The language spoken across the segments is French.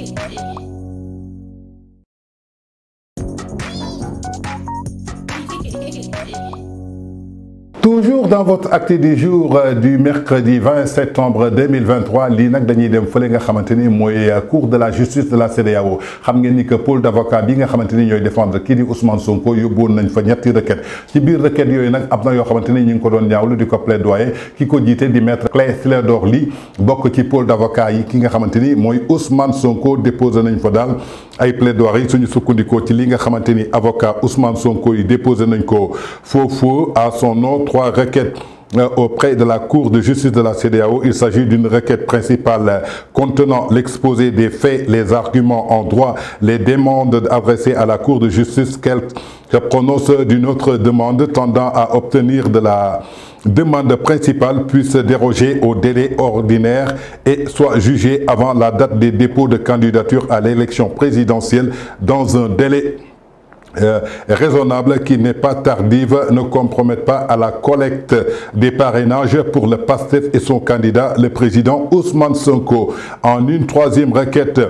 Thank you. toujours dans votre acte du jour euh, du mercredi 20 septembre 2023 lii nag dañuy dem fële nga xamante ni à euh, cour de la justice de la CEDEAO xam ngeen ni que pôle d' bi nga xamante ni n'y défendre kii Ousmane Sonko yóbbuwoon nañ fa ñetti requête ci biir requête yooyu nag de na yoo xamante ni ñu ngi ko doon ñaawlu di ko plaidoyer ki ko jiite di maître Clédor Ly bokk ci pôle d' yi ki nga xamante ni Ousmane Sonko déposé nañ fa daal ay plaidoiries yi suñu sukkandikoo ci li nga xamante ni avocat Ousmane Sonko yi déposé nañ ko foofu à son nom Requête euh, auprès de la Cour de justice de la CDAO. Il s'agit d'une requête principale euh, contenant l'exposé des faits, les arguments en droit, les demandes adressées à la Cour de justice qu'elle prononce d'une autre demande tendant à obtenir de la demande principale puisse déroger au délai ordinaire et soit jugée avant la date des dépôts de candidature à l'élection présidentielle dans un délai euh, raisonnable qui n'est pas tardive ne compromettent pas à la collecte des parrainages pour le PASTEF et son candidat, le président Ousmane Sonko. En une troisième requête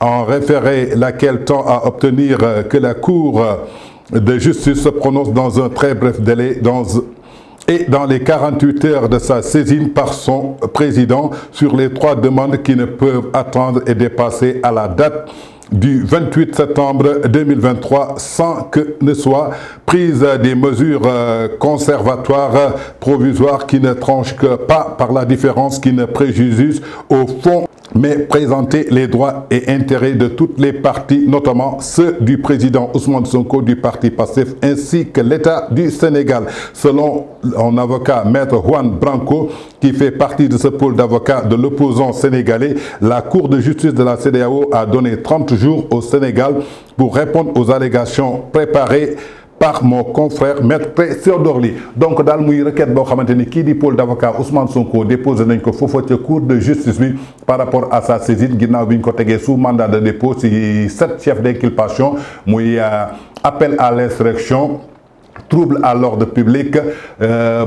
en référé, laquelle tend à obtenir que la Cour de justice se prononce dans un très bref délai dans et dans les 48 heures de sa saisine par son président sur les trois demandes qui ne peuvent attendre et dépasser à la date du 28 septembre 2023 sans que ne soit prise des mesures euh, conservatoires provisoires qui ne tranchent que pas par la différence qui ne préjugent au fond mais présenter les droits et intérêts de toutes les parties, notamment ceux du président Ousmane Sonko du parti Passif ainsi que l'État du Sénégal. Selon un avocat, maître Juan Branco, qui fait partie de ce pôle d'avocats de l'opposant sénégalais, la Cour de justice de la CDAO a donné 30 jours au Sénégal pour répondre aux allégations préparées par mon confrère maître Théodore donc dans le requête de xamante ni dit pôle d'avocat Ousmane Sonko dépose nañ ko faux ca cour de justice lui par rapport à sa saisine ginnaaw bi sous mandat de dépôt ci sept chefs d'inculpation euh, appel à l'insurrection trouble à l'ordre public euh,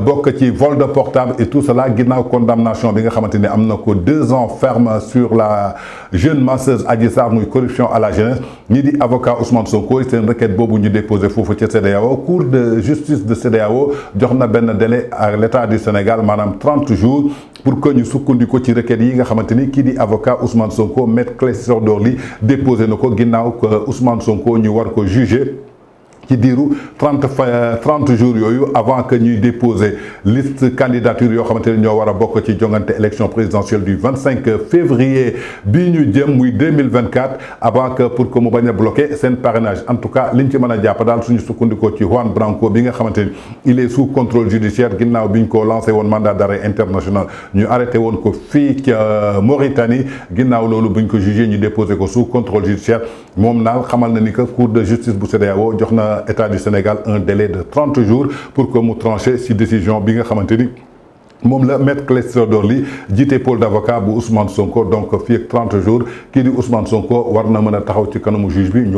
vol de portable et tout cela Il condamnation a nga condamnation deux ans ferme sur la jeune masseuse Adji a corruption à la jeunesse Ni di avocat Ousmane Sonko c'est une requête déposer. ñu déposé foofu ca Au cours de justice de CEDEAO jox na délai à l'état du Sénégal Madame 30 jours pour que ñu du côté requête yi dit avocat Ousmane Sonko maître Clédor Ly déposer. le y que Ousmane Sonko ñu war jugé qui diiru 30 30 jours avant que ñuy déposer liste candidature yoo xamante ñoo élection présidentielle du 25 février 2024 avant que pour que mu bañ bloquer bloqué parrainage en tout cas liñ ci mën a jàpp suñu sukkandikoo Juan Branco bi il est sous contrôle judiciaire Il a ko lancé un mandat d'arrêt international ñu arrêté woon ko fii euh, Mauritanie ginnaaw loolu bu ko jugé ñu déposé ko sous contrôle judiciaire moom naal xamal na ni cour de justice bu CEDEAO état du Sénégal un délai de 30 jours pour que nous tranchions cette décision bi nga xamante la maître Clédor Dorli, dit pôle d'avocat pour Ousmane Sonko donc y a 30 jours Qui dit Ousmane Sonko war na mën a taxaw ci juge bi ñu